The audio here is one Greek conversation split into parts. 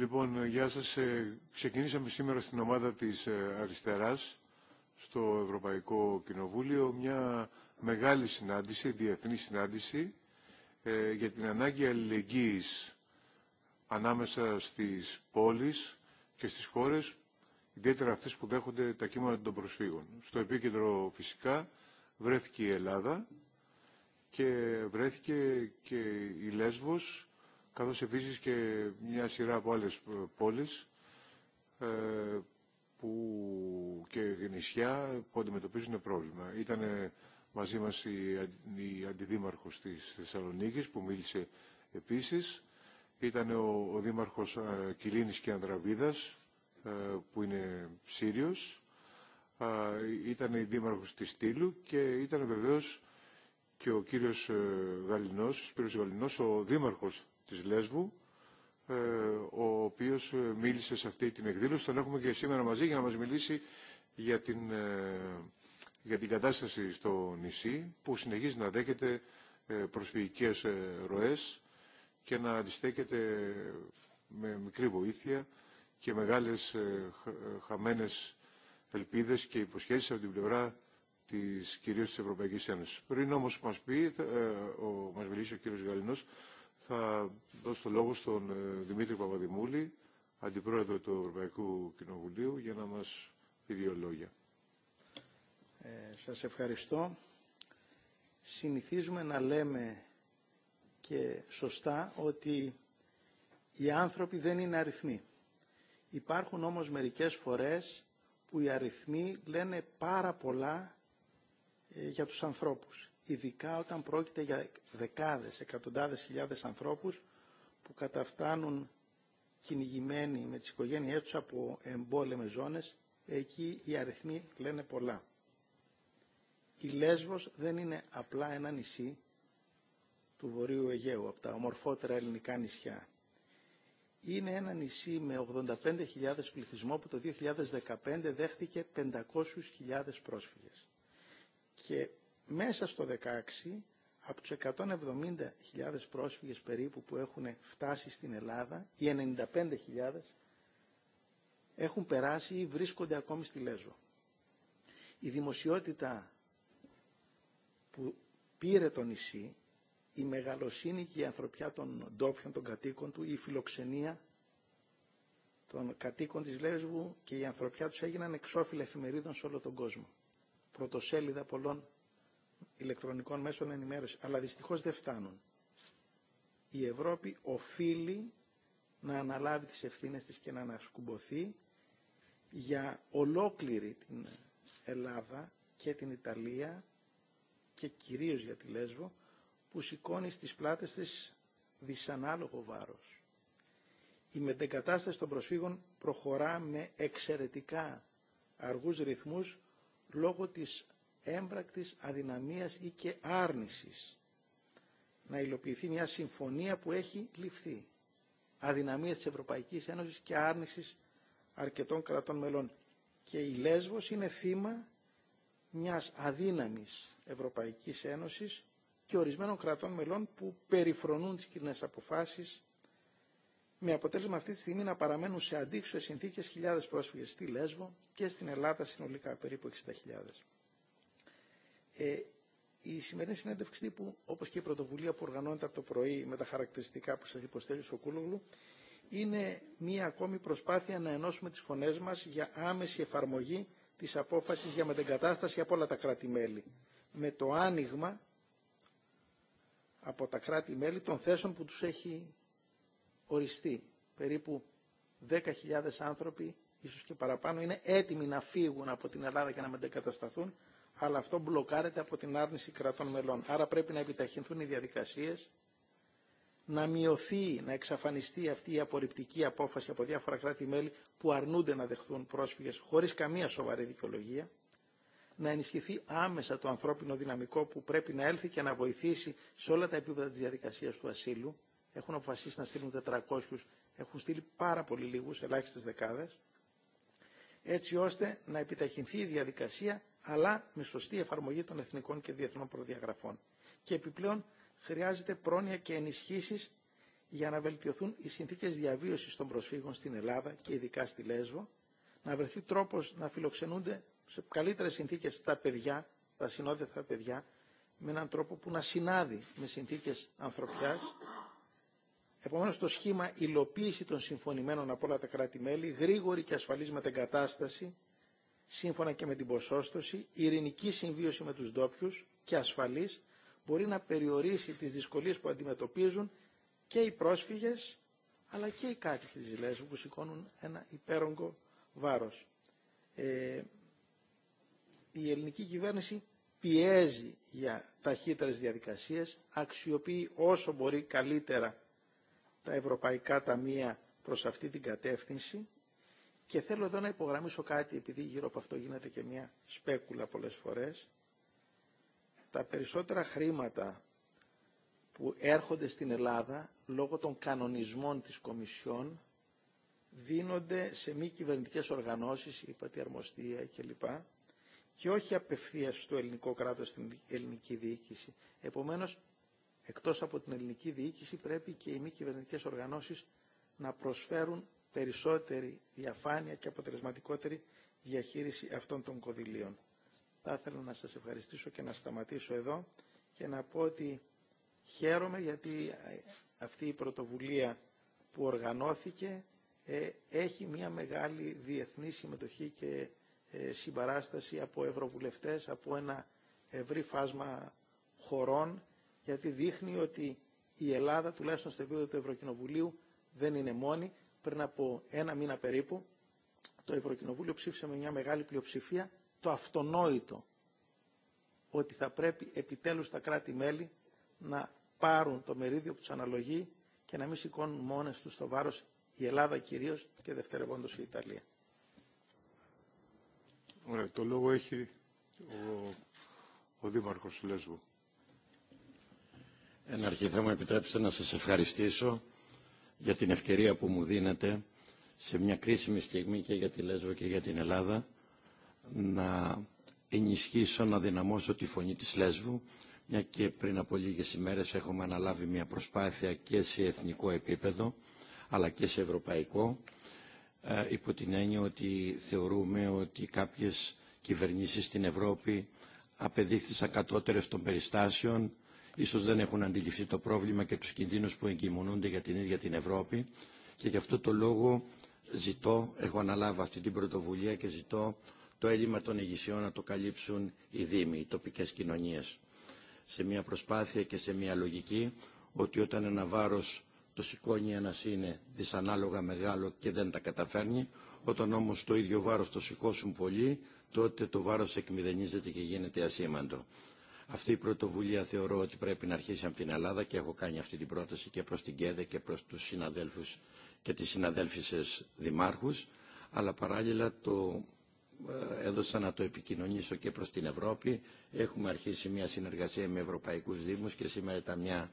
Λοιπόν, γεια σας. Ε, ξεκινήσαμε σήμερα στην ομάδα της ε, Αριστεράς στο Ευρωπαϊκό Κοινοβούλιο μια μεγάλη συνάντηση, διεθνή συνάντηση ε, για την ανάγκη αλληλεγγύης ανάμεσα στις πόλεις και στις χώρες, ιδιαίτερα αυτές που δέχονται τα κύματα των προσφύγων. Στο επίκεντρο φυσικά βρέθηκε η Ελλάδα και βρέθηκε και η Λέσβος καθώς επίσης και μια σειρά από άλλες πόλεις ε, που και νησιά που αντιμετωπίζουν πρόβλημα. Ήταν μαζί μας η αντιδήμαρχος της Θεσσαλονίκης που μίλησε επίσης. Ήταν ο, δήμαρχος ε, Κιλίνης και Ανδραβίδας ε, που είναι Σύριος. Ήταν η δήμαρχος της Τήλου και ήταν βεβαίως και ο κύριος Γαλινός, ο κύριος Γαλινός, ο δήμαρχος της Λέσβου, ε, ο οποίος ε, μίλησε σε αυτή την εκδήλωση. Τον έχουμε και σήμερα μαζί για να μας μιλήσει για την, ε, για την κατάσταση στο νησί, που συνεχίζει να δέχεται προσφυγικές ροές και να αντιστέκεται με μικρή βοήθεια και μεγάλες χαμένες ελπίδες και υποσχέσεις από την πλευρά της κυρίως της Ευρωπαϊκής Ένωσης. Πριν όμως μας, πει, ο, μας μιλήσει ο κύριος Γαλινός, θα δώσω το λόγο στον ε, Δημήτρη Παπαδημούλη, Αντιπρόεδρο του Ευρωπαϊκού Κοινοβουλίου, για να μας πει δύο λόγια. Ε, σας ευχαριστώ. Συνηθίζουμε να λέμε και σωστά ότι οι άνθρωποι δεν είναι αριθμοί. Υπάρχουν όμως μερικές φορές που οι αριθμοί λένε πάρα πολλά ε, για τους ανθρώπους ειδικά όταν πρόκειται για δεκάδες, εκατοντάδες χιλιάδες ανθρώπους που καταφτάνουν κυνηγημένοι με τις οικογένειές τους από εμπόλεμες ζώνες, εκεί οι αριθμοί λένε πολλά. Η Λέσβος δεν είναι απλά ένα νησί του Βορείου Αιγαίου, από τα ομορφότερα ελληνικά νησιά. Είναι ένα νησί με 85.000 πληθυσμό που το 2015 δέχτηκε 500.000 πρόσφυγες. Και μέσα στο 2016 από τους 170.000 πρόσφυγες περίπου που έχουν φτάσει στην Ελλάδα, οι 95.000 έχουν περάσει ή βρίσκονται ακόμη στη Λέσβο. Η δημοσιότητα που πήρε το νησί, η μεγαλοσύνη και η ανθρωπιά των ντόπιων των κατοίκων του, η φιλοξενία των κατοίκων της Λέσβου και η ανθρωπιά τους έγιναν εξώφυλλα εφημερίδων σε όλο τον κόσμο. Πρωτοσέλιδα πολλών ηλεκτρονικών μέσων ενημέρωση, αλλά δυστυχώς δεν φτάνουν. Η Ευρώπη οφείλει να αναλάβει τις ευθύνες της και να ανασκουμποθεί για ολόκληρη την Ελλάδα και την Ιταλία και κυρίως για τη Λέσβο που σηκώνει στις πλάτες της δυσανάλογο βάρος. Η μετεγκατάσταση των προσφύγων προχωρά με εξαιρετικά αργούς ρυθμούς λόγω της έμπρακτης αδυναμίας ή και άρνησης να υλοποιηθεί μια συμφωνία που έχει ληφθεί. αδυναμία της Ευρωπαϊκής Ένωσης και άρνησης αρκετών κρατών μελών. Και η Λέσβος είναι θύμα μιας αδύναμης Ευρωπαϊκής Ένωσης και ορισμένων κρατών μελών που περιφρονούν τις κοινέ αποφάσεις με αποτέλεσμα αυτή τη στιγμή να παραμένουν σε αντίξωες συνθήκες χιλιάδες πρόσφυγες στη Λέσβο και στην Ελλάδα συνολικά περίπου 60.000. Ε, η σημερινή συνέντευξη τύπου, όπω και η πρωτοβουλία που οργανώνεται από το πρωί με τα χαρακτηριστικά που σα υποστέλει ο Κούλογλου, είναι μία ακόμη προσπάθεια να ενώσουμε τι φωνέ μα για άμεση εφαρμογή τη απόφαση για μετεγκατάσταση από όλα τα κράτη-μέλη. Με το άνοιγμα από τα κράτη-μέλη των θέσεων που τους έχει οριστεί. Περίπου 10.000 άνθρωποι, ίσως και παραπάνω, είναι έτοιμοι να φύγουν από την Ελλάδα και να μετεγκατασταθούν αλλά αυτό μπλοκάρεται από την άρνηση κρατών μελών. Άρα πρέπει να επιταχυνθούν οι διαδικασίες, να μειωθεί, να εξαφανιστεί αυτή η απορριπτική απόφαση από διάφορα κράτη-μέλη που αρνούνται να δεχθούν πρόσφυγες χωρίς καμία σοβαρή δικαιολογία, να ενισχυθεί άμεσα το ανθρώπινο δυναμικό που πρέπει να έλθει και να βοηθήσει σε όλα τα επίπεδα της διαδικασίας του ασύλου. Έχουν αποφασίσει να στείλουν 400, έχουν στείλει πάρα πολύ λίγους, ελάχιστες δεκάδες, έτσι ώστε να επιταχυνθεί η διαδικασία αλλά με σωστή εφαρμογή των εθνικών και διεθνών προδιαγραφών. Και επιπλέον χρειάζεται πρόνοια και ενισχύσεις για να βελτιωθούν οι συνθήκες διαβίωσης των προσφύγων στην Ελλάδα και ειδικά στη Λέσβο, να βρεθεί τρόπος να φιλοξενούνται σε καλύτερε συνθήκες τα παιδιά, τα συνόδευτα παιδιά, με έναν τρόπο που να συνάδει με συνθήκε ανθρωπιά, επομένω το σχήμα υλοποίηση των συμφωνημένων από όλα τα κράτη-μέλη, γρήγορη και ασφαλή μετεγκατάσταση, σύμφωνα και με την ποσόστοση, η ειρηνική συμβίωση με τους ντόπιου και ασφαλής μπορεί να περιορίσει τις δυσκολίες που αντιμετωπίζουν και οι πρόσφυγες αλλά και οι κάτοικοι της Λέσβου που σηκώνουν ένα υπέρογκο βάρος. Ε, η ελληνική κυβέρνηση πιέζει για ταχύτερες διαδικασίες, αξιοποιεί όσο μπορεί καλύτερα τα ευρωπαϊκά ταμεία προς αυτή την κατεύθυνση και θέλω εδώ να υπογραμμίσω κάτι, επειδή γύρω από αυτό γίνεται και μια σπέκουλα πολλές φορές. Τα περισσότερα χρήματα που έρχονται στην Ελλάδα λόγω των κανονισμών της Κομισιόν δίνονται σε μη κυβερνητικές οργανώσεις, η Πατιαρμοστία κλπ. και όχι απευθείας στο ελληνικό κράτος, στην ελληνική διοίκηση. Επομένως, εκτός από την ελληνική διοίκηση πρέπει και οι μη κυβερνητικές οργανώσεις να προσφέρουν περισσότερη διαφάνεια και αποτελεσματικότερη διαχείριση αυτών των κονδυλίων. Θα ήθελα να σας ευχαριστήσω και να σταματήσω εδώ και να πω ότι χαίρομαι γιατί ε, αυτή η πρωτοβουλία που οργανώθηκε ε, έχει μια μεγάλη διεθνή συμμετοχή και ε, συμπαράσταση από ευρωβουλευτές, από ένα ευρύ φάσμα χωρών, γιατί δείχνει ότι η Ελλάδα, τουλάχιστον στο επίπεδο του Ευρωκοινοβουλίου, δεν είναι μόνη πριν από ένα μήνα περίπου, το Ευρωκοινοβούλιο ψήφισε με μια μεγάλη πλειοψηφία το αυτονόητο ότι θα πρέπει επιτέλους τα κράτη-μέλη να πάρουν το μερίδιο που τους αναλογεί και να μην σηκώνουν μόνες τους το βάρος η Ελλάδα κυρίως και δευτερευόντως η Ιταλία. Ωραία, το λόγο έχει ο, ο Δήμαρχος Λέσβου. Εν αρχή θα μου επιτρέψετε να σας ευχαριστήσω για την ευκαιρία που μου δίνετε σε μια κρίσιμη στιγμή και για τη Λέσβο και για την Ελλάδα να ενισχύσω, να δυναμώσω τη φωνή της Λέσβου μια και πριν από λίγες ημέρες έχουμε αναλάβει μια προσπάθεια και σε εθνικό επίπεδο αλλά και σε ευρωπαϊκό ε, υπό την έννοια ότι θεωρούμε ότι κάποιες κυβερνήσεις στην Ευρώπη απεδείχθησαν κατώτερες των περιστάσεων ίσως δεν έχουν αντιληφθεί το πρόβλημα και τους κινδύνους που εγκυμονούνται για την ίδια την Ευρώπη και γι' αυτό το λόγο ζητώ, έχω αναλάβει αυτή την πρωτοβουλία και ζητώ το έλλειμμα των ηγησιών να το καλύψουν οι Δήμοι, οι τοπικές κοινωνίες. Σε μια προσπάθεια και σε μια λογική ότι όταν ένα βάρος το σηκώνει ένα είναι δυσανάλογα μεγάλο και δεν τα καταφέρνει, όταν όμως το ίδιο βάρος το σηκώσουν πολλοί, τότε το βάρος εκμηδενίζεται και γίνεται ασήμαντο. Αυτή η πρωτοβουλία θεωρώ ότι πρέπει να αρχίσει από την Ελλάδα και έχω κάνει αυτή την πρόταση και προς την ΚΕΔΕ και προς τους συναδέλφους και τις συναδέλφισες δημάρχους, αλλά παράλληλα το ε, έδωσα να το επικοινωνήσω και προς την Ευρώπη. Έχουμε αρχίσει μια συνεργασία με Ευρωπαϊκούς Δήμους και σήμερα ήταν μια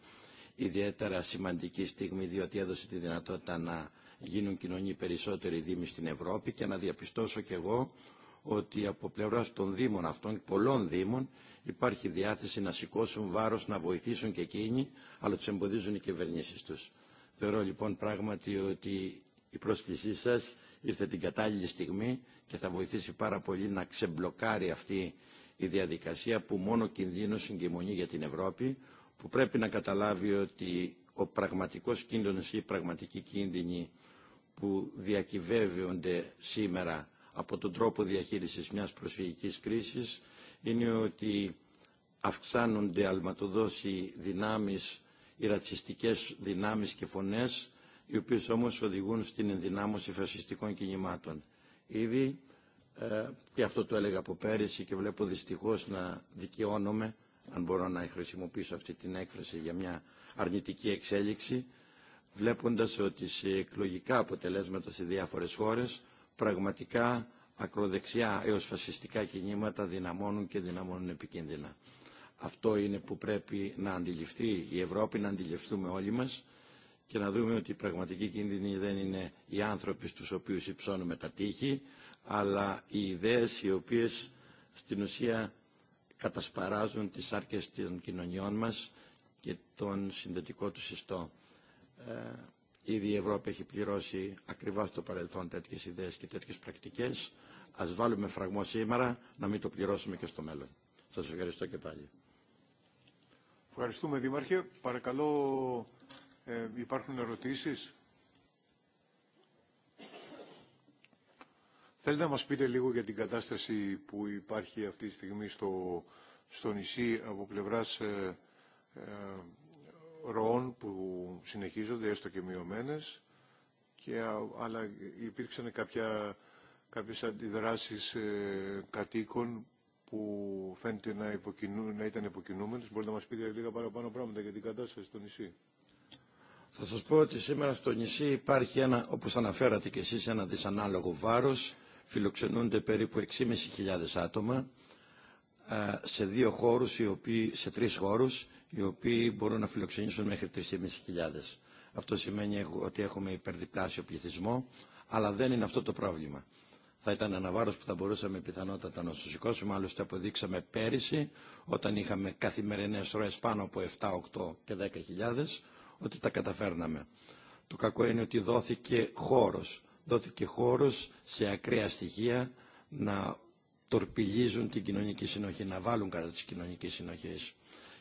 ιδιαίτερα σημαντική στιγμή διότι έδωσε τη δυνατότητα να γίνουν κοινωνοί περισσότεροι δήμοι στην Ευρώπη και να διαπιστώσω κι εγώ ότι από πλευρά των Δήμων αυτών, πολλών Δήμων, υπάρχει διάθεση να σηκώσουν βάρος, να βοηθήσουν και εκείνοι, αλλά του εμποδίζουν οι κυβερνήσει του. Θεωρώ λοιπόν πράγματι ότι η πρόσκλησή σας ήρθε την κατάλληλη στιγμή και θα βοηθήσει πάρα πολύ να ξεμπλοκάρει αυτή η διαδικασία που μόνο κινδύνω συγκυμονεί για την Ευρώπη, που πρέπει να καταλάβει ότι ο πραγματικός κίνδυνος ή η πραγματική κίνδυνη που διακυβεύονται σήμερα από τον τρόπο διαχείρισης μιας προσφυγικής κρίσης είναι ότι αυξάνονται αλματοδός οι δυνάμεις, οι ρατσιστικές δυνάμεις και φωνές, οι οποίες όμως οδηγούν στην ενδυνάμωση φασιστικών κινημάτων. Ήδη, ε, και αυτό το έλεγα από πέρυσι και βλέπω δυστυχώς να δικαιώνομαι, αν μπορώ να χρησιμοποιήσω αυτή την έκφραση για μια αρνητική εξέλιξη, βλέποντας ότι σε εκλογικά αποτελέσματα σε διάφορες χώρες πραγματικά ακροδεξιά έως φασιστικά κινήματα δυναμώνουν και δυναμώνουν επικίνδυνα. Αυτό είναι που πρέπει να αντιληφθεί η Ευρώπη, να αντιληφθούμε όλοι μας και να δούμε ότι η πραγματική κίνδυνη δεν είναι οι άνθρωποι στους οποίους υψώνουμε τα τείχη, αλλά οι ιδέες οι οποίες στην ουσία κατασπαράζουν τις άρκες των κοινωνιών μας και τον συνδετικό του συστό. Ε, Ήδη η Ευρώπη έχει πληρώσει ακριβά στο παρελθόν τέτοιες ιδέες και τέτοιες πρακτικές. Ας βάλουμε φραγμό σήμερα, να μην το πληρώσουμε και στο μέλλον. Σας ευχαριστώ και πάλι. Ευχαριστούμε Δήμαρχε. Παρακαλώ ε, υπάρχουν ερωτήσεις. Θέλετε να μας πείτε λίγο για την κατάσταση που υπάρχει αυτή τη στιγμή στο, στο νησί από πλευράς ε, ε, ροών που συνεχίζονται, έστω και μειωμένες, αλλά υπήρξαν κάποια, κάποιες αντιδράσεις ε, κατοίκων που φαίνεται να, ήταν υποκινούμενες. Μπορείτε να μας πείτε λίγα παραπάνω πράγματα για την κατάσταση στο νησί. Θα σας πω ότι σήμερα στο νησί υπάρχει ένα, όπως αναφέρατε και εσείς, ένα δυσανάλογο βάρος. Φιλοξενούνται περίπου 6.500 άτομα ε, σε δύο χώρους, οι οποίοι, σε τρεις χώρους, οι οποίοι μπορούν να φιλοξενήσουν μέχρι 3.500. Αυτό σημαίνει ότι έχουμε υπερδιπλάσιο πληθυσμό, αλλά δεν είναι αυτό το πρόβλημα. Θα ήταν ένα βάρο που θα μπορούσαμε πιθανότατα να σου σηκώσουμε, άλλωστε αποδείξαμε πέρυσι, όταν είχαμε καθημερινέ ροές πάνω από 7, 8 και 10.000, ότι τα καταφέρναμε. Το κακό είναι ότι δόθηκε χώρο, Δόθηκε χώρο σε ακραία στοιχεία να τορπιλίζουν την κοινωνική συνοχή, να βάλουν κατά τη κοινωνική συνοχή.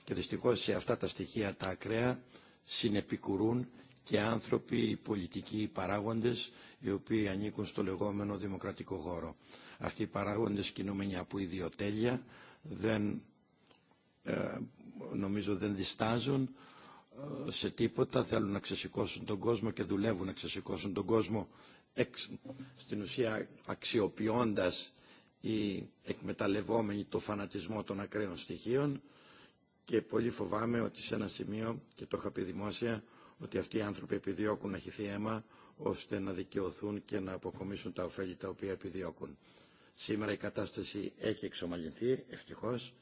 Και δυστυχώς σε αυτά τα στοιχεία τα ακραία συνεπικουρούν και άνθρωποι, οι πολιτικοί, οι παράγοντες οι οποίοι ανήκουν στο λεγόμενο δημοκρατικό χώρο. Αυτοί οι παράγοντες κινούμενοι από ιδιοτέλεια δεν, ε, νομίζω δεν διστάζουν ε, σε τίποτα, θέλουν να ξεσηκώσουν τον κόσμο και δουλεύουν να ξεσηκώσουν τον κόσμο εξ, στην ουσία αξιοποιώντας ή εκμεταλλευόμενοι το φανατισμό των ακραίων στοιχείων και πολύ φοβάμαι ότι σε ένα σημείο, και το είχα πει δημόσια, ότι αυτοί οι άνθρωποι επιδιώκουν να χυθεί αίμα ώστε να δικαιωθούν και να αποκομίσουν τα ωφέλη τα οποία επιδιώκουν. Σήμερα η κατάσταση έχει εξομαλυνθεί, ευτυχώς,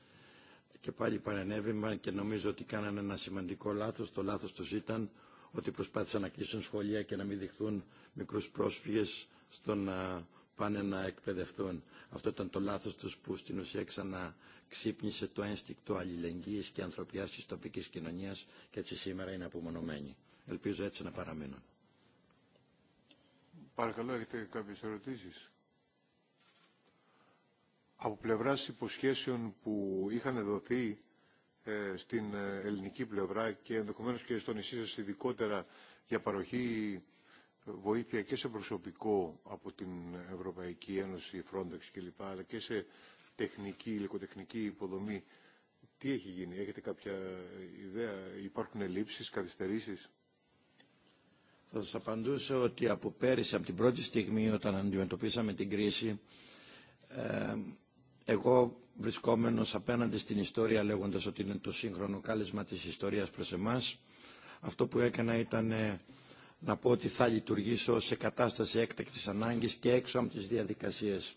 και πάλι παρενέβημα και νομίζω ότι κάνανε ένα σημαντικό λάθος. Το λάθος τους ήταν ότι προσπάθησαν να κλείσουν σχολεία και να μην δειχθούν μικρούς πρόσφυγες στο να πάνε να εκπαιδευτούν. Αυτό ήταν το λάθος τους που στην ουσία ξανα, ξύπνησε το ένστικτο αλληλεγγύης και ανθρωπιάς της τοπικής κοινωνίας και έτσι σήμερα είναι απομονωμένοι. Ελπίζω έτσι να παραμείνουν. Παρακαλώ, έχετε κάποιες ερωτήσεις. Από πλευράς υποσχέσεων που είχαν δοθεί ε, στην ε, ελληνική πλευρά και ενδεχομένως και στο νησί σα ειδικότερα για παροχή βοήθεια και σε προσωπικό από την Ευρωπαϊκή Ένωση, Frontex κλπ. αλλά και σε τεχνική, υλικοτεχνική υποδομή. Τι έχει γίνει, έχετε κάποια ιδέα, υπάρχουν ελλείψεις, καθυστερήσεις. Θα σας απαντούσα ότι από πέρυσι, από την πρώτη στιγμή όταν αντιμετωπίσαμε την κρίση, ε, εγώ βρισκόμενος απέναντι στην ιστορία λέγοντας ότι είναι το σύγχρονο κάλεσμα της ιστορίας προς εμάς, αυτό που έκανα ήταν ε, να πω ότι θα λειτουργήσω σε κατάσταση έκτακτης ανάγκης και έξω από τις διαδικασίες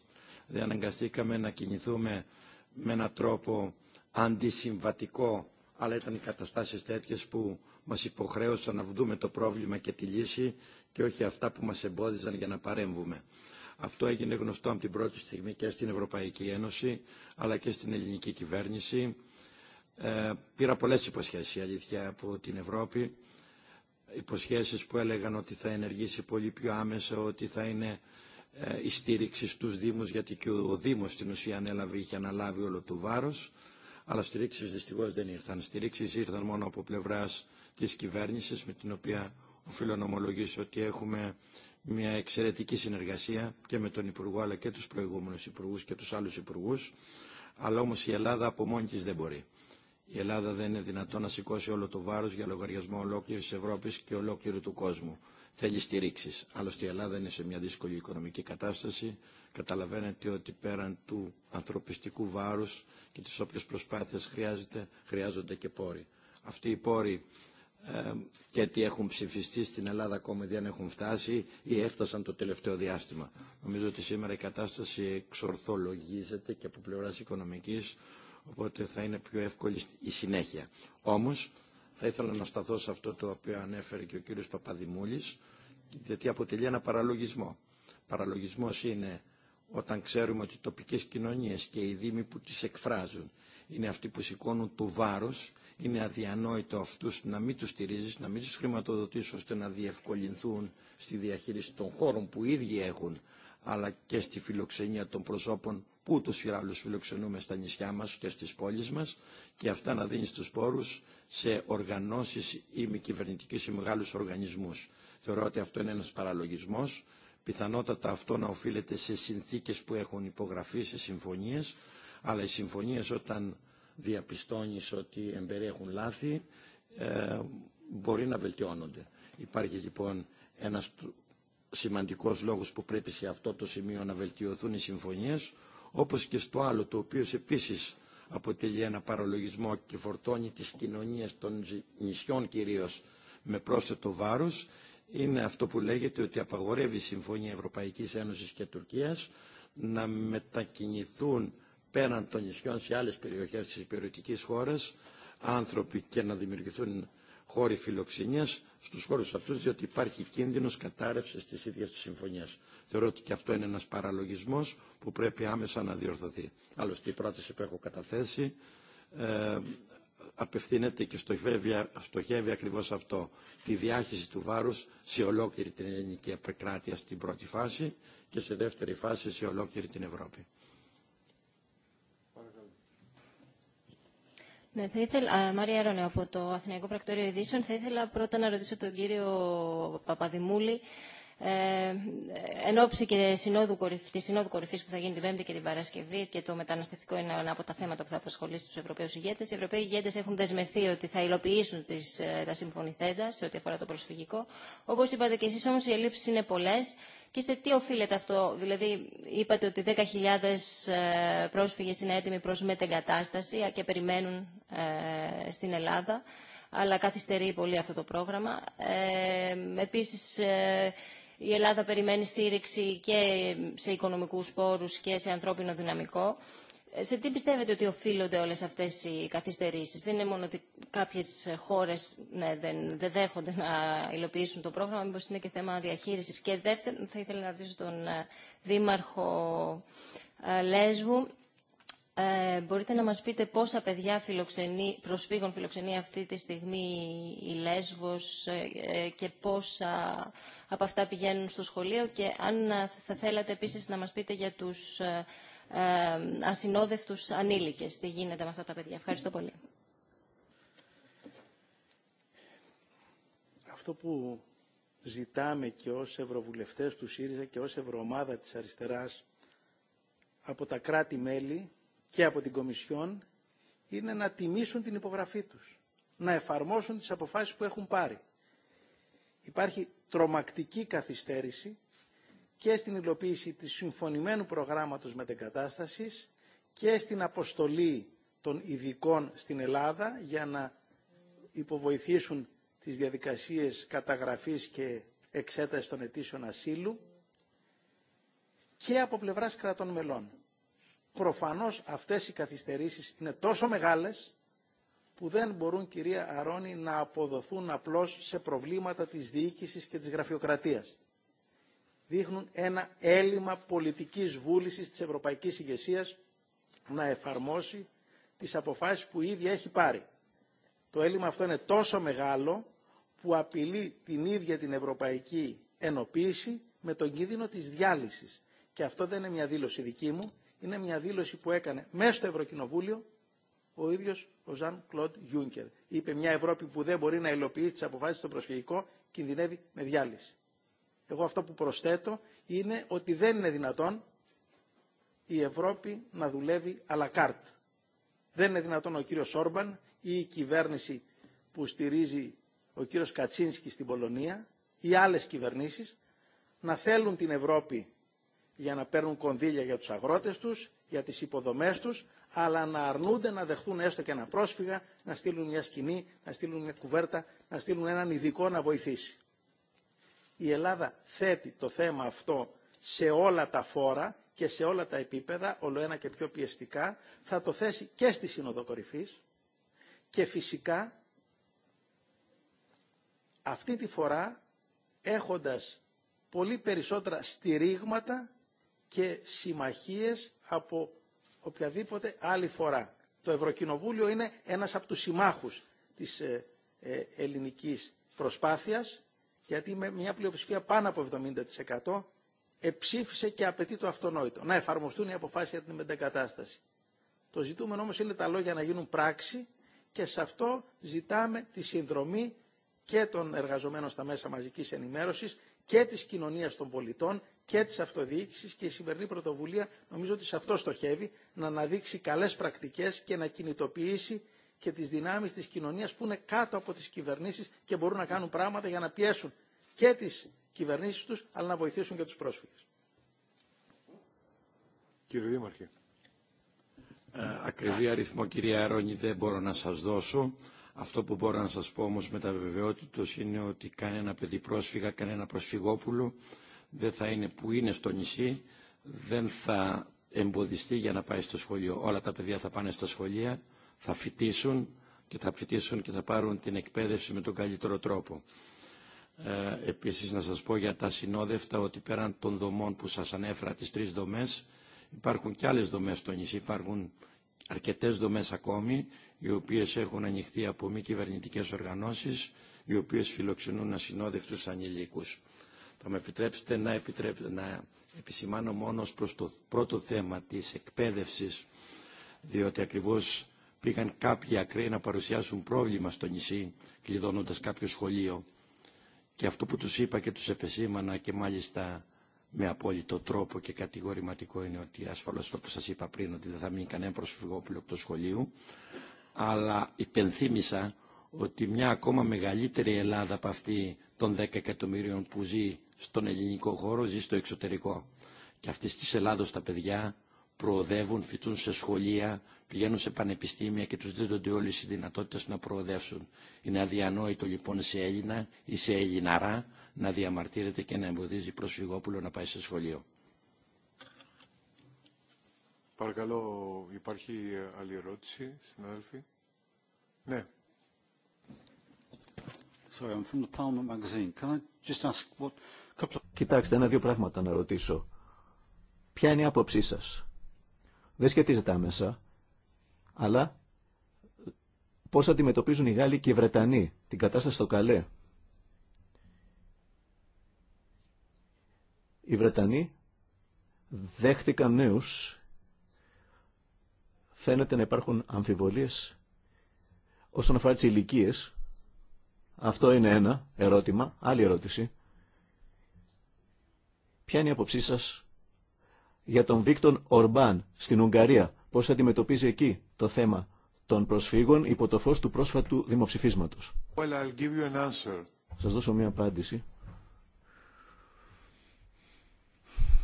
δεν αναγκαστήκαμε να κινηθούμε με έναν τρόπο αντισυμβατικό, αλλά ήταν οι καταστάσεις τέτοιες που μας υποχρέωσαν να βδούμε το πρόβλημα και τη λύση και όχι αυτά που μας εμπόδιζαν για να παρέμβουμε. Αυτό έγινε γνωστό από την πρώτη στιγμή και στην Ευρωπαϊκή Ένωση, αλλά και στην ελληνική κυβέρνηση. Ε, πήρα πολλές υποσχέσεις, αλήθεια, από την Ευρώπη. Υποσχέσεις που έλεγαν ότι θα ενεργήσει πολύ πιο άμεσα, ότι θα είναι ε, η στήριξη στους Δήμους γιατί και ο Δήμος στην ουσία ανέλαβε είχε αναλάβει όλο το βάρος αλλά στηρίξεις δυστυχώς δεν ήρθαν. Στηρίξεις ήρθαν μόνο από πλευράς της κυβέρνησης με την οποία οφείλω να ομολογήσω ότι έχουμε μια εξαιρετική συνεργασία και με τον Υπουργό αλλά και τους προηγούμενους Υπουργούς και τους άλλους Υπουργούς αλλά όμως η Ελλάδα από μόνη της δεν μπορεί η Ελλάδα δεν είναι δυνατόν να σηκώσει όλο το βάρος για λογαριασμό ολόκληρη της Ευρώπης και ολόκληρου του κόσμου. Θέλει στηρίξει. Άλλωστε η Ελλάδα είναι σε μια δύσκολη οικονομική κατάσταση. Καταλαβαίνετε ότι πέραν του ανθρωπιστικού βάρους και τι όποιες προσπάθειες χρειάζεται, χρειάζονται και πόροι. Αυτοί οι πόροι ε, και τι έχουν ψηφιστεί στην Ελλάδα ακόμη δεν έχουν φτάσει ή έφτασαν το τελευταίο διάστημα. Νομίζω ότι σήμερα η κατάσταση εξορθολογίζεται και από πλευράς οικονομικής οπότε θα είναι πιο εύκολη η συνέχεια. Όμως θα ήθελα να σταθώ σε αυτό το οποίο ανέφερε και ο κύριος Παπαδημούλης, γιατί αποτελεί ένα παραλογισμό. Παραλογισμός είναι όταν ξέρουμε ότι οι τοπικές κοινωνίες και οι δήμοι που τις εκφράζουν είναι αυτοί που σηκώνουν το βάρος, είναι αδιανόητο αυτούς να μην τους στηρίζεις, να μην τους χρηματοδοτήσεις ώστε να διευκολυνθούν στη διαχείριση των χώρων που ήδη έχουν, αλλά και στη φιλοξενία των προσώπων που τους ή φιλοξενούμε στα νησιά μας και στις πόλεις μας και αυτά να δίνει στους πόρους σε οργανώσεις ή μη κυβερνητικού ή μεγάλους οργανισμούς. Θεωρώ ότι αυτό είναι ένας παραλογισμός. Πιθανότατα αυτό να οφείλεται σε συνθήκες που έχουν υπογραφεί, σε συμφωνίες, αλλά οι συμφωνίες όταν διαπιστώνεις ότι εμπεριέχουν λάθη ε, μπορεί να βελτιώνονται. Υπάρχει λοιπόν ένας σημαντικός λόγος που πρέπει σε αυτό το σημείο να βελτιωθούν οι συμφωνίες όπως και στο άλλο το οποίο επίσης αποτελεί ένα παραλογισμό και φορτώνει τις κοινωνίες των νησιών κυρίως με πρόσθετο βάρος είναι αυτό που λέγεται ότι απαγορεύει η Συμφωνία Ευρωπαϊκής Ένωσης και Τουρκίας να μετακινηθούν πέραν των νησιών σε άλλες περιοχές της υπηρετικής χώρας άνθρωποι και να δημιουργηθούν χώροι φιλοξενίας στους χώρους αυτούς, διότι υπάρχει κίνδυνος κατάρρευσης της ίδιας της συμφωνίας. Θεωρώ ότι και αυτό είναι ένας παραλογισμός που πρέπει άμεσα να διορθωθεί. Άλλωστε η πρόταση που έχω καταθέσει ε, απευθύνεται και στοχεύει, στοχεύει ακριβώς αυτό, τη διάχυση του βάρους σε ολόκληρη την ελληνική επικράτεια στην πρώτη φάση και σε δεύτερη φάση σε ολόκληρη την Ευρώπη. Ναι, θα ήθελα, Μάρια Ρόνε από το Αθηναϊκό Πρακτορείο Ειδήσεων, θα ήθελα πρώτα να ρωτήσω τον κύριο Παπαδημούλη, ε, εν ώψη και συνόδου κορυφ, της συνόδου κορυφής που θα γίνει την Πέμπτη και την Παρασκευή και το μεταναστευτικό είναι ένα από τα θέματα που θα απασχολήσει τους Ευρωπαίους ηγέτες. Οι Ευρωπαίοι ηγέτες έχουν δεσμευθεί ότι θα υλοποιήσουν τις, ε, τα συμφωνηθέντα σε ό,τι αφορά το προσφυγικό. Όπως είπατε και εσείς όμως οι ελλείψεις είναι πολλές και σε τι οφείλεται αυτό, δηλαδή είπατε ότι 10.000 ε, πρόσφυγες είναι έτοιμοι προς μετεγκατάσταση και περιμένουν ε, στην Ελλάδα, αλλά καθυστερεί πολύ αυτό το πρόγραμμα. Ε, επίσης, η Ελλάδα περιμένει στήριξη και σε οικονομικούς πόρους και σε ανθρώπινο δυναμικό. Σε τι πιστεύετε ότι οφείλονται όλες αυτές οι καθυστερήσεις. Δεν είναι μόνο ότι κάποιες χώρες ναι, δεν, δεν δέχονται να υλοποιήσουν το πρόγραμμα, μήπως είναι και θέμα διαχείρισης. Και δεύτερον, θα ήθελα να ρωτήσω τον ε, Δήμαρχο ε, Λέσβου, ε, μπορείτε να μας πείτε πόσα παιδιά φιλοξενεί, προσφύγων φιλοξενεί αυτή τη στιγμή η Λέσβος ε, και πόσα από αυτά πηγαίνουν στο σχολείο και αν θα θέλατε επίσης να μας πείτε για τους ασυνόδευτους ανήλικες. Τι γίνεται με αυτά τα παιδιά. Ευχαριστώ πολύ. Αυτό που ζητάμε και ως ευρωβουλευτές του ΣΥΡΙΖΑ και ως ευρωομάδα της αριστεράς από τα κράτη-μέλη και από την Κομισιόν είναι να τιμήσουν την υπογραφή τους, να εφαρμόσουν τις αποφάσεις που έχουν πάρει. Υπάρχει τρομακτική καθυστέρηση και στην υλοποίηση της συμφωνημένου προγράμματος μετεγκατάστασης και στην αποστολή των ειδικών στην Ελλάδα για να υποβοηθήσουν τις διαδικασίες καταγραφής και εξέτασης των αιτήσεων ασύλου και από πλευράς κρατών μελών. Προφανώς αυτές οι καθυστερήσεις είναι τόσο μεγάλες που δεν μπορούν, κυρία Αρώνη, να αποδοθούν απλώς σε προβλήματα της διοίκησης και της γραφειοκρατίας δείχνουν ένα έλλειμμα πολιτικής βούλησης της ευρωπαϊκής ηγεσία να εφαρμόσει τις αποφάσεις που ήδη έχει πάρει. Το έλλειμμα αυτό είναι τόσο μεγάλο που απειλεί την ίδια την ευρωπαϊκή ενοποίηση με τον κίνδυνο της διάλυσης. Και αυτό δεν είναι μια δήλωση δική μου, είναι μια δήλωση που έκανε μέσα στο Ευρωκοινοβούλιο ο ίδιος ο Ζαν Κλοντ Γιούνκερ. Είπε μια Ευρώπη που δεν μπορεί να υλοποιήσει τις αποφάσεις στο προσφυγικό κινδυνεύει με διάλυση. Εγώ αυτό που προσθέτω είναι ότι δεν είναι δυνατόν η Ευρώπη να δουλεύει à la carte. Δεν είναι δυνατόν ο κύριος Όρμπαν ή η κυβέρνηση που στηρίζει ο κύριος Κατσίνσκι στην Πολωνία ή άλλες κυβερνήσεις να θέλουν την Ευρώπη για να παίρνουν κονδύλια για τους αγρότες τους, για τις υποδομές τους, αλλά να αρνούνται να δεχθούν έστω και ένα πρόσφυγα, να στείλουν μια σκηνή, να στείλουν μια κουβέρτα, να στείλουν έναν ειδικό να βοηθήσει η Ελλάδα θέτει το θέμα αυτό σε όλα τα φόρα και σε όλα τα επίπεδα, όλο ένα και πιο πιεστικά, θα το θέσει και στη Σύνοδο και φυσικά αυτή τη φορά έχοντας πολύ περισσότερα στηρίγματα και συμμαχίες από οποιαδήποτε άλλη φορά. Το Ευρωκοινοβούλιο είναι ένας από τους συμμάχους της ε, ε, ελληνικής προσπάθειας γιατί με μια πλειοψηφία πάνω από 70% εψήφισε και απαιτεί το αυτονόητο. Να εφαρμοστούν οι αποφάσει για την μετεγκατάσταση. Το ζητούμενο όμω είναι τα λόγια να γίνουν πράξη και σε αυτό ζητάμε τη συνδρομή και των εργαζομένων στα μέσα μαζικής ενημέρωση και τη κοινωνία των πολιτών και τη αυτοδιοίκηση και η σημερινή πρωτοβουλία νομίζω ότι σε αυτό στοχεύει να αναδείξει καλέ πρακτικέ και να κινητοποιήσει και τις δυνάμεις της κοινωνίας που είναι κάτω από τις κυβερνήσεις και μπορούν να κάνουν πράγματα για να πιέσουν και τις κυβερνήσεις τους αλλά να βοηθήσουν και τους πρόσφυγες. Κύριε Δήμαρχε. Ε, ακριβή αριθμό κυρία Αρώνη δεν μπορώ να σας δώσω. Αυτό που μπορώ να σας πω όμως με τα βεβαιότητος είναι ότι κανένα παιδί πρόσφυγα, κανένα προσφυγόπουλο δεν θα είναι που είναι στο νησί, δεν θα εμποδιστεί για να πάει στο σχολείο. Όλα τα παιδιά θα πάνε στα σχολεία θα φοιτήσουν και θα φοιτήσουν και θα πάρουν την εκπαίδευση με τον καλύτερο τρόπο. Ε, επίσης να σας πω για τα συνόδευτα ότι πέραν των δομών που σας ανέφερα, τις τρεις δομές, υπάρχουν και άλλες δομές στο νησί, υπάρχουν αρκετές δομές ακόμη, οι οποίες έχουν ανοιχθεί από μη κυβερνητικέ οργανώσεις, οι οποίες φιλοξενούν ασυνόδευτους ανηλίκους. Θα με επιτρέψετε να, να επισημάνω μόνο προς το πρώτο θέμα της εκπαίδευσης, διότι ακριβώς πήγαν κάποιοι ακραίοι να παρουσιάσουν πρόβλημα στο νησί, κλειδώνοντας κάποιο σχολείο. Και αυτό που τους είπα και τους επεσήμανα και μάλιστα με απόλυτο τρόπο και κατηγορηματικό είναι ότι ασφαλώς το που σας είπα πριν ότι δεν θα μείνει κανένα προσφυγόπουλο το σχολείου αλλά υπενθύμησα ότι μια ακόμα μεγαλύτερη Ελλάδα από αυτή των 10 εκατομμυρίων που ζει στον ελληνικό χώρο ζει στο εξωτερικό. Και αυτή τη Ελλάδος τα παιδιά προοδεύουν, φοιτούν σε σχολεία πηγαίνουν σε πανεπιστήμια και τους δίδονται όλες οι δυνατότητες να προοδεύσουν. Είναι αδιανόητο λοιπόν σε Έλληνα ή σε Ελληναρά να διαμαρτύρεται και να εμποδίζει προσφυγόπουλο να πάει σε σχολείο. Παρακαλώ, υπάρχει άλλη ερώτηση, συνάδελφοι. Ναι. Sorry, I'm from the Parliament magazine. Can I just ask what... Κοιτάξτε, ένα-δύο πράγματα να ρωτήσω. Ποια είναι η άποψή σας. Δεν σχετίζεται άμεσα αλλά πώς αντιμετωπίζουν οι Γάλλοι και οι Βρετανοί την κατάσταση στο Καλέ. Οι Βρετανοί δέχτηκαν νέους. Φαίνεται να υπάρχουν αμφιβολίες όσον αφορά τις ηλικίε. Αυτό είναι ένα ερώτημα. Άλλη ερώτηση. Ποια είναι η αποψή σας για τον Βίκτον Ορμπάν στην Ουγγαρία πώς αντιμετωπίζει εκεί το θέμα των προσφύγων υπό το φως του πρόσφατου δημοψηφίσματος. Well, Σας δώσω μια απάντηση.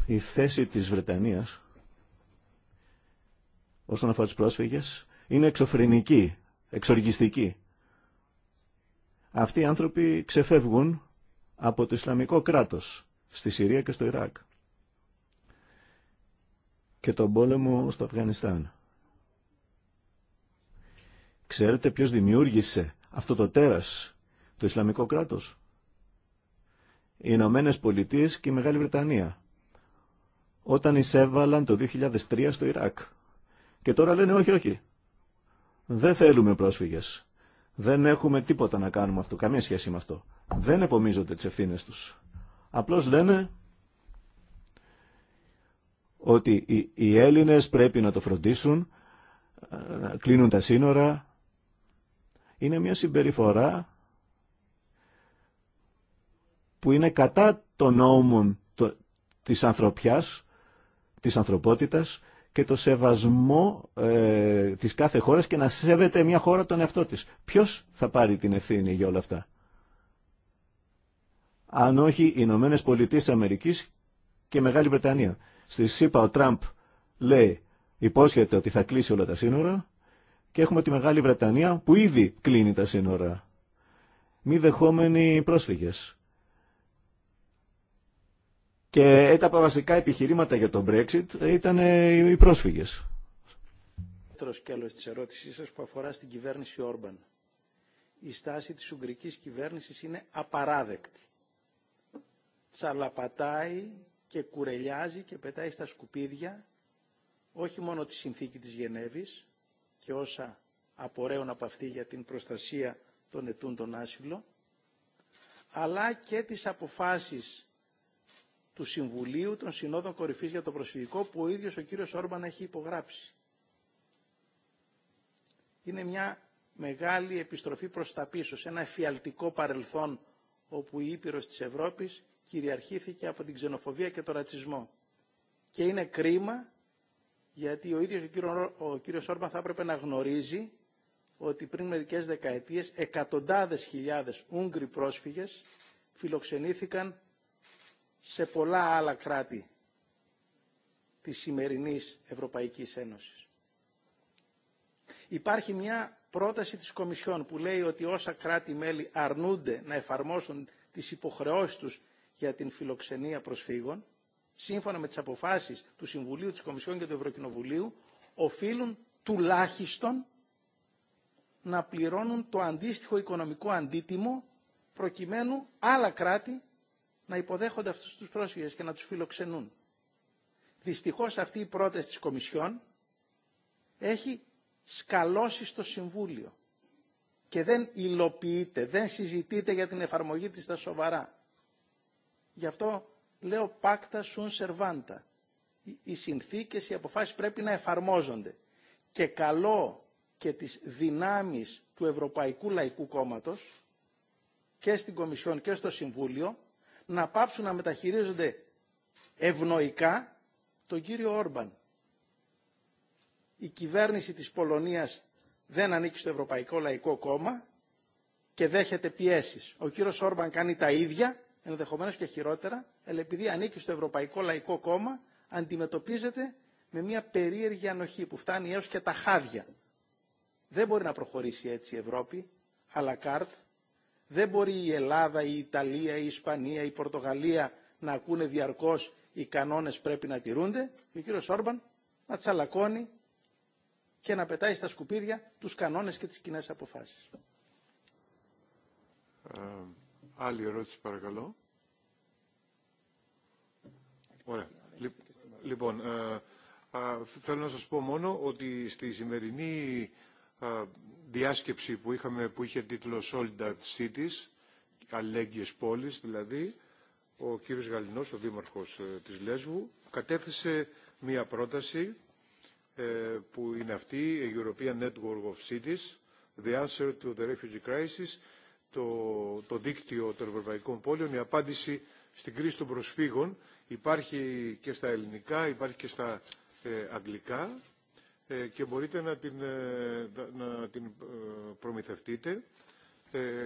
Η θέση της Βρετανίας όσον αφορά τους πρόσφυγες είναι εξωφρενική, εξοργιστική. Αυτοί οι άνθρωποι ξεφεύγουν από το Ισλαμικό κράτος στη Συρία και στο Ιράκ και τον πόλεμο στο Αφγανιστάν. Ξέρετε ποιος δημιούργησε αυτό το τέρας, το Ισλαμικό κράτος. Οι Ηνωμένε Πολιτείε και η Μεγάλη Βρετανία. Όταν εισέβαλαν το 2003 στο Ιράκ. Και τώρα λένε όχι, όχι. Δεν θέλουμε πρόσφυγες. Δεν έχουμε τίποτα να κάνουμε αυτό, καμία σχέση με αυτό. Δεν επομίζονται τις ευθύνες τους. Απλώς λένε ότι οι Έλληνες πρέπει να το φροντίσουν, να κλείνουν τα σύνορα. Είναι μια συμπεριφορά που είναι κατά των νόμων της ανθρωπιάς, της ανθρωπότητας και το σεβασμό ε, της κάθε χώρας και να σέβεται μια χώρα τον εαυτό της. Ποιος θα πάρει την ευθύνη για όλα αυτά. Αν όχι οι Ηνωμένε Πολιτείε Αμερικής και Μεγάλη Βρετανία. Στη ΣΥΠΑ ο Τραμπ λέει, υπόσχεται ότι θα κλείσει όλα τα σύνορα και έχουμε τη Μεγάλη Βρετανία που ήδη κλείνει τα σύνορα. Μη δεχόμενοι πρόσφυγες. Και τα βασικά επιχειρήματα για το Brexit ήταν ε, οι πρόσφυγες. Το σκέλος της ερώτησής σας που αφορά στην κυβέρνηση Όρμπαν. Η στάση της Ουγγρικής κυβέρνησης είναι απαράδεκτη. Τσαλαπατάει και κουρελιάζει και πετάει στα σκουπίδια όχι μόνο τη συνθήκη της Γενέβης και όσα απορρέουν από αυτή για την προστασία των ετούντων άσυλο, αλλά και τις αποφάσεις του Συμβουλίου των Συνόδων Κορυφής για το Προσφυγικό που ο ίδιος ο κύριος Όρμπαν έχει υπογράψει. Είναι μια μεγάλη επιστροφή προς τα πίσω, σε ένα εφιαλτικό παρελθόν όπου η Ήπειρος της Ευρώπης κυριαρχήθηκε από την ξενοφοβία και τον ρατσισμό. Και είναι κρίμα γιατί ο ίδιος ο, κύριο, κύριος θα έπρεπε να γνωρίζει ότι πριν μερικές δεκαετίες εκατοντάδες χιλιάδες Ούγγροι πρόσφυγες φιλοξενήθηκαν σε πολλά άλλα κράτη της σημερινής Ευρωπαϊκής Ένωσης. Υπάρχει μια πρόταση της Κομισιόν που λέει ότι όσα κράτη-μέλη αρνούνται να εφαρμόσουν τις υποχρεώσεις τους για την φιλοξενία προσφύγων, σύμφωνα με τις αποφάσεις του Συμβουλίου, της Κομισιόν και του Ευρωκοινοβουλίου, οφείλουν τουλάχιστον να πληρώνουν το αντίστοιχο οικονομικό αντίτιμο προκειμένου άλλα κράτη να υποδέχονται αυτούς τους πρόσφυγες και να τους φιλοξενούν. Δυστυχώς αυτή η πρόταση της Κομισιόν έχει σκαλώσει στο Συμβούλιο και δεν υλοποιείται, δεν συζητείται για την εφαρμογή της στα σοβαρά. Γι' αυτό λέω πάκτα σουν σερβάντα. Οι συνθήκες, οι αποφάσεις πρέπει να εφαρμόζονται. Και καλό και τις δυνάμεις του Ευρωπαϊκού Λαϊκού Κόμματος και στην Κομισιόν και στο Συμβούλιο να πάψουν να μεταχειρίζονται ευνοϊκά τον κύριο Όρμπαν. Η κυβέρνηση της Πολωνίας δεν ανήκει στο Ευρωπαϊκό Λαϊκό Κόμμα και δέχεται πιέσεις. Ο κύριος Όρμπαν κάνει τα ίδια ενδεχομένω και χειρότερα, αλλά επειδή ανήκει στο Ευρωπαϊκό Λαϊκό Κόμμα, αντιμετωπίζεται με μια περίεργη ανοχή που φτάνει έως και τα χάδια. Δεν μπορεί να προχωρήσει έτσι η Ευρώπη, αλλά καρτ. Δεν μπορεί η Ελλάδα, η Ιταλία, η Ισπανία, η Πορτογαλία να ακούνε διαρκώς οι κανόνες πρέπει να τηρούνται. Και ο κύριος Όρμπαν να τσαλακώνει και να πετάει στα σκουπίδια τους κανόνες και τις κοινέ αποφάσεις. Ε, Άλλη ερώτηση παρακαλώ. Ωραία. Λοιπόν, ε, θέλω να σας πω μόνο ότι στη σημερινή διάσκεψη που είχαμε που είχε τίτλο Solid Cities, αλληλέγγυες πόλεις δηλαδή, ο κύριος Γαλινός, ο δήμαρχος ε, της Λέσβου, κατέθεσε μία πρόταση ε, που είναι αυτή, η European Network of Cities, the answer to the refugee crisis το, το δίκτυο των ευρωπαϊκών πόλεων, η απάντηση στην κρίση των προσφύγων υπάρχει και στα ελληνικά, υπάρχει και στα ε, αγγλικά ε, και μπορείτε να την, ε, να την προμηθευτείτε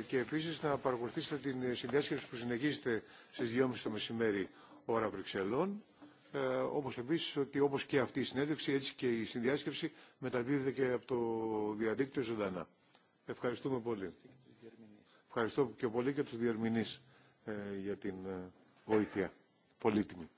και επίσης να παρακολουθήσετε την συνδιάσκεψη που συνεχίζεται στις 2.30 το μεσημέρι ώρα Βρυξελών όπως επίσης ότι όπως και αυτή η συνέντευξη έτσι και η συνδιάσκεψη μεταδίδεται και από το διαδίκτυο ζωντανά. Ευχαριστούμε πολύ. Ευχαριστώ και πολύ και τους διερμηνείς ε, για την ε, βοήθεια πολύτιμη.